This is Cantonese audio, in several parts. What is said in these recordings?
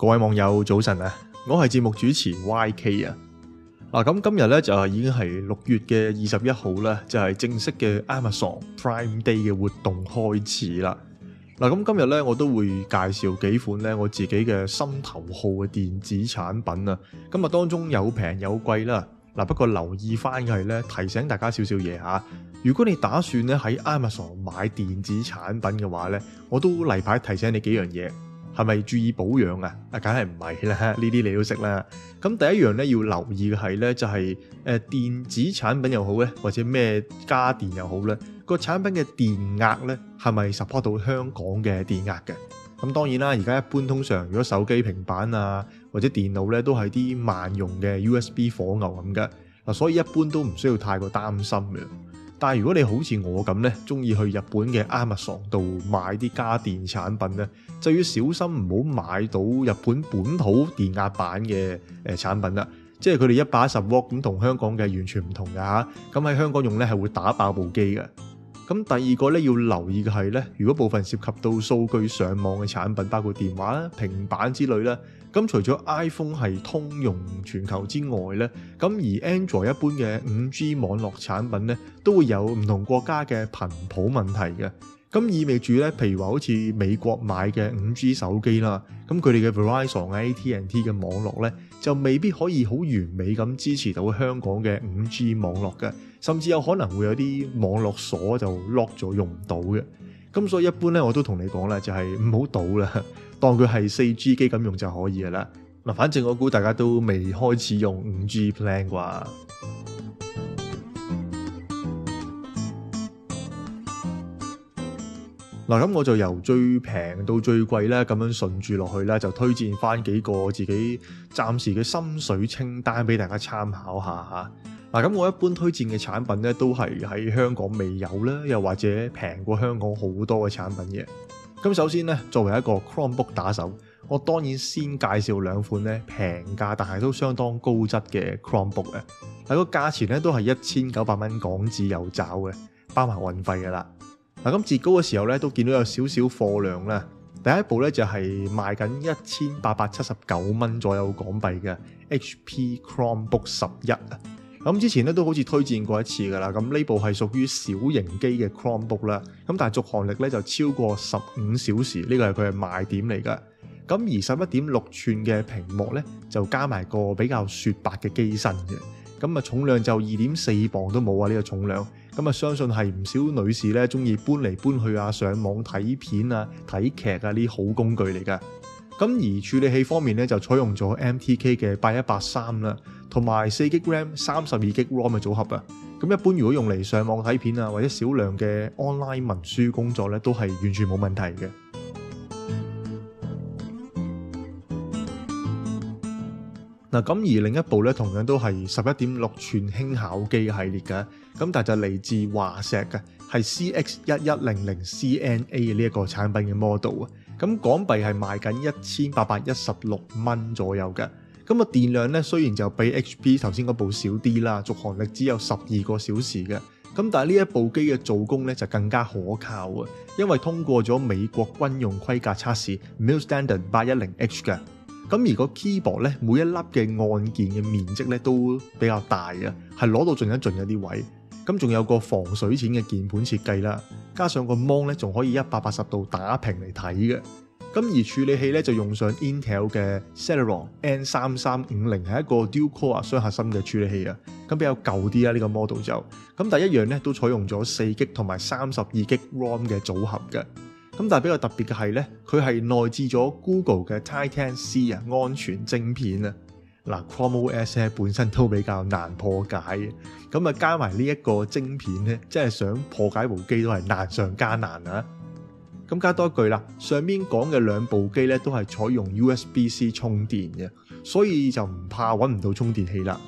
各位網友早晨啊，我係節目主持 YK 啊。嗱，咁今日咧就已經係六月嘅二十一號啦，就係正式嘅 Amazon Prime Day 嘅活動開始啦。嗱，咁今日咧我都會介紹幾款咧我自己嘅心頭好嘅電子產品啊。今日當中有平有貴啦。嗱，不過留意翻嘅係咧，提醒大家少少嘢吓。如果你打算咧喺 Amazon 買電子產品嘅話咧，我都例牌提醒你幾樣嘢。係咪注意保養啊？啊，梗係唔係啦。呢啲你都識啦。咁第一樣咧，要留意嘅係咧，就係誒電子產品又好咧，或者咩家電又好咧，個產品嘅電壓咧係咪 support 到香港嘅電壓嘅？咁當然啦，而家一般通常如果手機、平板啊或者電腦咧，都係啲萬用嘅 USB 火牛咁嘅嗱，所以一般都唔需要太過擔心嘅。但如果你好似我咁呢，中意去日本嘅 Amazon 度買啲家電產品呢，就要小心唔好買到日本本土電壓版嘅產品啦。即係佢哋一百一十 W 咁，同香港嘅完全唔同㗎。吓，咁喺香港用呢係會打爆部機嘅。咁第二個呢，要留意嘅係呢，如果部分涉及到數據上網嘅產品，包括電話、平板之類呢。咁除咗 iPhone 係通用全球之外呢，咁而 Android 一般嘅五 G 網絡產品呢，都會有唔同國家嘅頻譜問題嘅。咁意味住呢，譬如話好似美國買嘅五 G 手機啦，咁佢哋嘅 Verizon AT&T 嘅網絡呢，就未必可以好完美咁支持到香港嘅五 G 網絡嘅，甚至有可能會有啲網絡鎖就 lock 咗用唔到嘅。咁所以一般呢，我都同你講啦，就係唔好賭啦。當佢係四 G 機咁用就可以噶啦。嗱，反正我估大家都未開始用五 G plan 啩。嗱，咁我就由最平到最貴咧，咁樣順住落去咧，就推薦翻幾個自己暫時嘅心水清單俾大家參考下。嗱，咁我一般推薦嘅產品咧，都係喺香港未有咧，又或者平過香港好多嘅產品嘅。咁首先咧，作為一個 Chromebook 打手，我當然先介紹兩款咧，平價但係都相當高質嘅 Chromebook 咧、啊。嗱，個價錢咧，都係一千九百蚊港紙有找嘅，包埋運費嘅啦。嗱，咁至高嘅時候咧，都見到有少少貨量啦。第一部咧，就係賣緊一千八百七十九蚊左右港幣嘅 HP Chromebook 十一啊。咁之前咧都好似推薦過一次噶啦，咁呢部係屬於小型機嘅 Chromebook 啦，咁但係續航力咧就超過十五小時，呢個係佢嘅賣點嚟噶。咁而十一點六寸嘅屏幕咧，就加埋個比較雪白嘅機身嘅，咁啊重量就二點四磅都冇啊，呢個重量，咁啊相信係唔少女士咧中意搬嚟搬去啊上網睇片啊睇劇啊呢啲好工具嚟噶。咁而處理器方面咧就採用咗 MTK 嘅八一八三啦。同埋四 GB RAM、三十二 GB ROM 嘅組合啊，咁一般如果用嚟上網睇片啊，或者少量嘅 online 文書工作咧，都係完全冇問題嘅。嗱咁而另一部咧，同樣都係十一點六寸輕巧機系列嘅，咁但就嚟自華碩嘅，係 CX 一一零零 CNA 呢一個產品嘅 model 啊，咁港幣係賣緊一千八百一十六蚊左右嘅。咁啊，電量咧雖然就比 HP 頭先嗰部少啲啦，續航力只有十二個小時嘅。咁但係呢一部機嘅做工咧就更加可靠啊，因為通過咗美國軍用規格測試 Mil Standard 八一零 H 嘅。咁如果 keyboard 咧每一粒嘅按鍵嘅面積咧都比較大啊，係攞到盡一盡有啲位。咁仲有個防水濺嘅鍵盤設計啦，加上個 Mon 咧仲可以一百八十度打平嚟睇嘅。咁而處理器咧就用上 Intel 嘅 Celeron N 三三五零，係一個 Dual Core 雙核心嘅處理器啊。咁比較舊啲啊，呢個 model 就。咁第一樣咧都採用咗四記同埋三十二記 ROM 嘅組合嘅。咁但係比較特別嘅係咧，佢係內置咗 Google 嘅 Titan C 啊安全晶片啊。嗱，Chrome OS 咧本身都比較難破解嘅，咁啊加埋呢一個晶片咧，真係想破解部機都係難上加難啊！咁加多一句啦，上面講嘅兩部機咧都係採用 USB-C 充電嘅，所以就唔怕搵唔到充電器啦。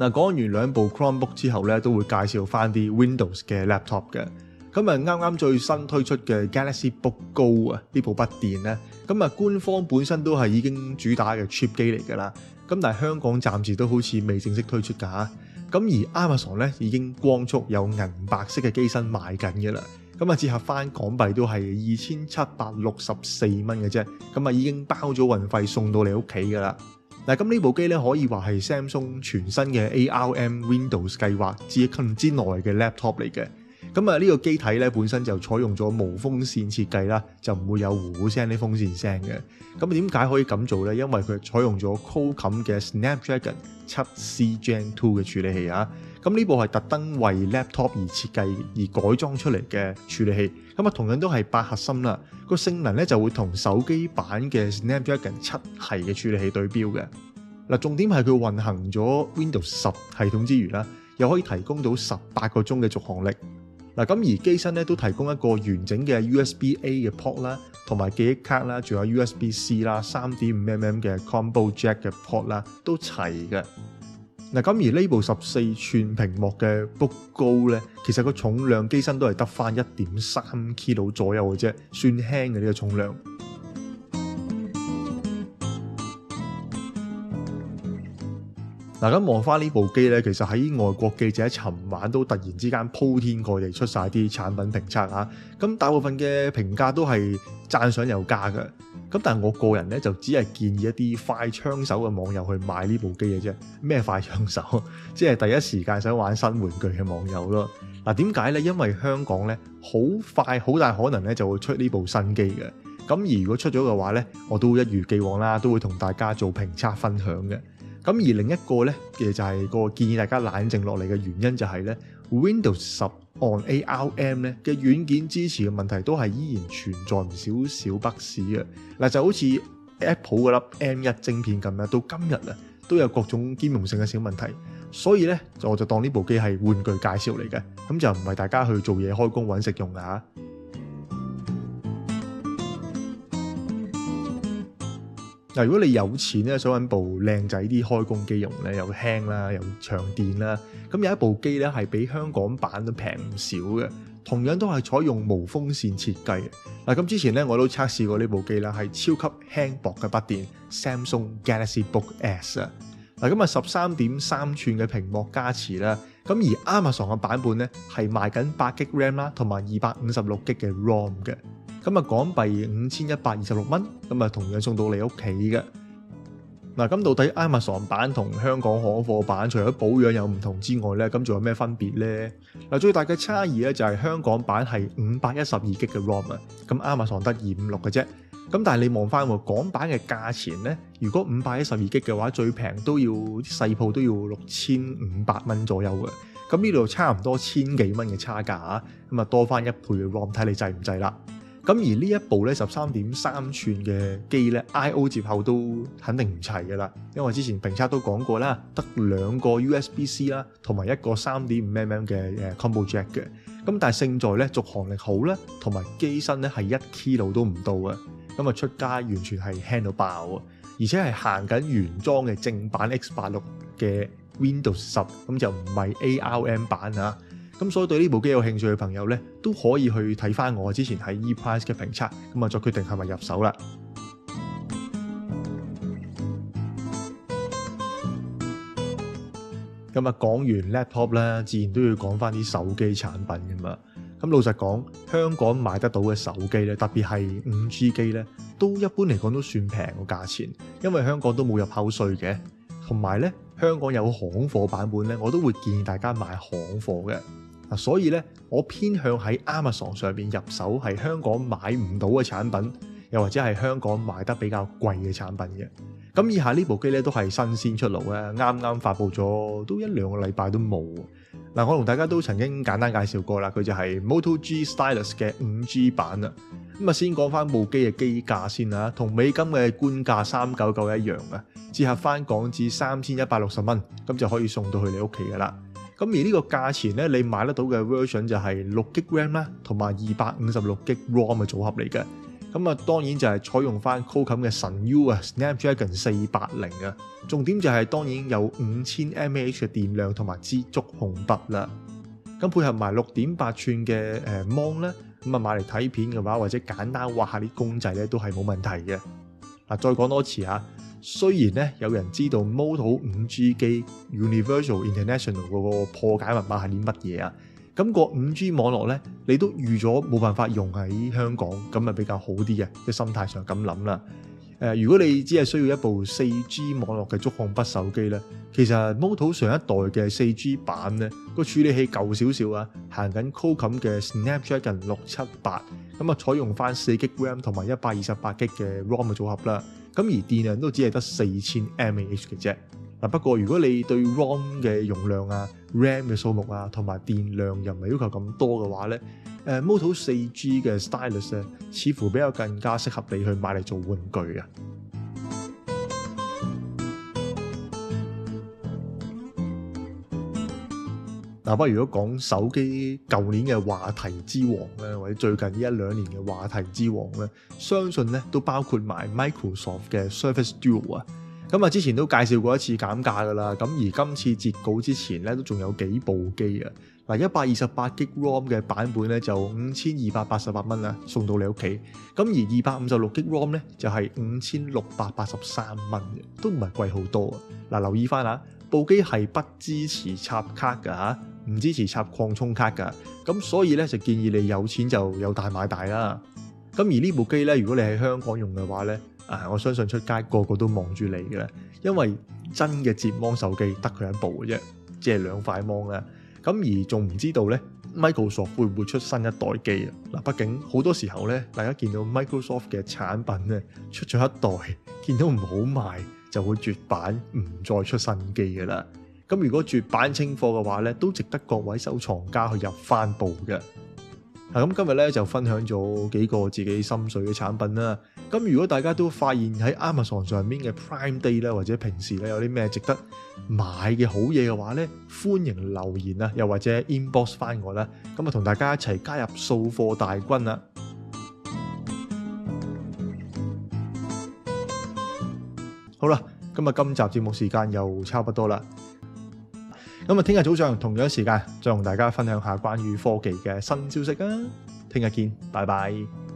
嗱，講完兩部 Chromebook 之後咧，都會介紹翻啲 Windows 嘅 Laptop 嘅。咁啊，啱啱最新推出嘅 Galaxy Book Go 啊呢部筆電咧，咁啊官方本身都係已經主打嘅 cheap 機嚟噶啦，咁但係香港暫時都好似未正式推出噶。咁而 Amazon 咧已經光速有銀白色嘅機身賣緊嘅啦，咁啊折合翻港幣都係二千七百六十四蚊嘅啫，咁啊已經包咗運費送到你屋企噶啦。嗱，咁呢部機咧可以話係 Samsung 全新嘅 ARM Windows 計劃至近之內嘅 Laptop 嚟嘅。咁啊，呢個機體咧本身就採用咗無風扇設計啦，就唔會有呼呼聲啲風扇聲嘅。咁點解可以咁做呢？因為佢採用咗 Qualcomm 嘅 Snapdragon 七 C Gen Two 嘅處理器啊。咁呢部係特登為 laptop 而設計而改裝出嚟嘅處理器。咁啊，同樣都係八核心啦，個性能咧就會同手機版嘅 Snapdragon 七系嘅處理器對標嘅。嗱，重點係佢運行咗 Windows 十系統之餘啦，又可以提供到十八個鐘嘅續航力。嗱，咁而機身咧都提供一個完整嘅 USB-A 嘅 port 啦，同埋記憶卡啦，仲有 USB-C 啦，三點五 mm 嘅 combo jack 嘅 port 啦，都齊嘅。嗱，咁而呢部十四寸屏幕嘅 book 高咧，其實個重量機身都係得翻一點三 k i 左右嘅啫，算輕嘅呢個重量。嗱，咁望翻呢部機呢，其實喺外國記者喺尋晚都突然之間鋪天蓋地出晒啲產品評測啊！咁大部分嘅評價都係讚賞有加嘅。咁但係我個人呢，就只係建議一啲快槍手嘅網友去買呢部機嘅啫。咩快槍手？即係第一時間想玩新玩具嘅網友咯。嗱，點解呢？因為香港呢，好快好大可能呢就會出呢部新機嘅。咁而如果出咗嘅話呢，我都一如既往啦，都會同大家做評測分享嘅。咁而另一個咧嘅就係個建議大家冷靜落嚟嘅原因，就係咧 Windows 10 on ARM 咧嘅軟件支持嘅問題都係依然存在唔少小不適嘅。嗱就好似 Apple 嗰粒 M1 晶片咁樣，到今日啊都有各種兼容性嘅小問題，所以咧我就當呢部機係玩具介紹嚟嘅，咁就唔係大家去做嘢開工揾食用㗎嚇。如果你有錢咧，想揾部靚仔啲開工機用咧，又輕啦，又長電啦，咁有一部機咧係比香港版都平唔少嘅，同樣都係採用無風扇設計。嗱，咁之前咧我都測試過呢部機啦，係超級輕薄嘅筆電 Samsung Galaxy Book S 啊。嗱，咁啊十三點三吋嘅屏幕加持啦，咁而 Amazon 嘅版本咧係賣緊八 G RAM 啦，同埋二百五十六 G 嘅 ROM 嘅。咁啊，港幣五千一百二十六蚊，咁啊，同樣送到你屋企嘅嗱。咁到底 Amazon 版同香港行貨版，除咗保養有唔同之外咧，咁仲有咩分別呢？嗱，最大嘅差異咧就係香港版係五百一十二 G 嘅 ROM 啊，咁 Amazon 得二五六嘅啫。咁但係你望翻喎，港版嘅價錢呢，如果五百一十二 G 嘅話，最平都要細鋪都要六千五百蚊左右嘅。咁呢度差唔多千幾蚊嘅差價啊，咁啊多翻一倍嘅 ROM，睇你制唔制啦。咁而呢一部咧十三點三吋嘅機咧，I/O 接口都肯定唔齊噶啦，因為之前評測都講過啦，得兩個 USB-C 啦，同埋一個三點五 mm 嘅誒 combo jack 嘅。咁但係勝在咧續航力好啦，同埋機身咧係一 kilo 都唔到啊。咁啊出街完全係輕到爆啊，而且係行緊原裝嘅正版 X 八六嘅 Windows 十，咁就唔係 ARM 版啊。咁所以對呢部機有興趣嘅朋友呢，都可以去睇翻我之前喺 ePrice 嘅評測，咁啊再決定係咪入手啦。咁、嗯、啊講完 laptop 咧，自然都要講翻啲手機產品噶嘛。咁老實講，香港買得到嘅手機呢，特別係五 G 機呢，都一般嚟講都算平個價錢，因為香港都冇入口稅嘅，同埋呢，香港有行貨版本呢，我都會建議大家買行貨嘅。所以咧，我偏向喺 Amazon 上面入手，係香港買唔到嘅產品，又或者係香港賣得比較貴嘅產品嘅。咁以下呢部機咧都係新鮮出爐啊，啱啱發布咗，都一兩個禮拜都冇。嗱，我同大家都曾經簡單介紹過啦，佢就係 Moto G Stylus 嘅五 G 版啦。咁啊，先講翻部機嘅機價先啦，同美金嘅官價三九九一樣嘅，折合翻港紙三千一百六十蚊，咁就可以送到去你屋企噶啦。咁而呢個價錢咧，你買得到嘅 version 就係六 G RAM 啦，同埋二百五十六 G ROM 嘅組合嚟嘅。咁啊，當然就係採用翻 Qualcomm 嘅神 U 啊，Snapdragon 四八零啊。重點就係當然有五千 mAh 嘅電量同埋支觸控筆啦。咁配合埋六點八寸嘅誒 mon 咧，咁啊買嚟睇片嘅話，或者簡單畫下啲公仔咧，都係冇問題嘅。嗱，再講多次嚇。雖然咧有人知道 Moto 五 G 機 Universal International 嗰個破解密碼係啲乜嘢啊，咁、那個五 G 網絡咧你都預咗冇辦法用喺香港，咁咪比較好啲嘅，即心態上咁諗啦。誒、呃，如果你只係需要一部四 G 網絡嘅觸控筆手機咧，其實 Moto 上一代嘅四 G 版咧，個處理器舊少少啊，行緊 Qualcomm 嘅 Snapdragon 六七八，咁啊採用翻四 GB RAM 同埋一百二十八 G 嘅 ROM 嘅組合啦。咁而電量都只係得四千 mAh 嘅啫。嗱，不過如果你對 ROM 嘅容量啊、RAM 嘅數目啊，同埋電量又唔係要求咁多嘅話咧，誒，Moto 4G 嘅 Stylus 咧，似乎比較更加適合你去買嚟做玩具啊。嗱，不如如果講手機舊年嘅話題之王咧，或者最近呢一兩年嘅話題之王咧，相信咧都包括埋 Microsoft 嘅 Surface Duo 啊。咁啊，之前都介紹過一次減價噶啦。咁而今次截稿之前咧，都仲有幾部機啊。嗱，一百二十八 G ROM 嘅版本咧就五千二百八十八蚊啦，送到你屋企。咁而二百五十六 G ROM 咧就係五千六百八十三蚊嘅，都唔係貴好多啊。嗱，留意翻吓，部機係不支持插卡嘅嚇。唔支持插擴充卡㗎，咁所以咧就建議你有錢就有大買大啦。咁而呢部機咧，如果你喺香港用嘅話咧，啊我相信出街個個都望住你嘅啦，因為真嘅摺芒手機得佢一部嘅啫，只係兩塊芒啦。咁而仲唔知道咧，Microsoft 會唔會出新一代機嗱，啊，畢竟好多時候咧，大家見到 Microsoft 嘅產品咧出咗一代，見到唔好賣就會絕版唔再出新機嘅啦。咁如果絕版清貨嘅話咧，都值得各位收藏家去入翻部嘅。咁今日咧就分享咗幾個自己心水嘅產品啦。咁如果大家都發現喺 Amazon 上面嘅 Prime Day 咧，或者平時咧有啲咩值得買嘅好嘢嘅話咧，歡迎留言啊，又或者 inbox 翻我啦。咁啊，同大家一齊加入掃貨大軍啦。好啦，今日今集節目時間又差不多啦。咁啊，聽日早上同樣時間再同大家分享下關於科技嘅新消息啊！聽日見，拜拜。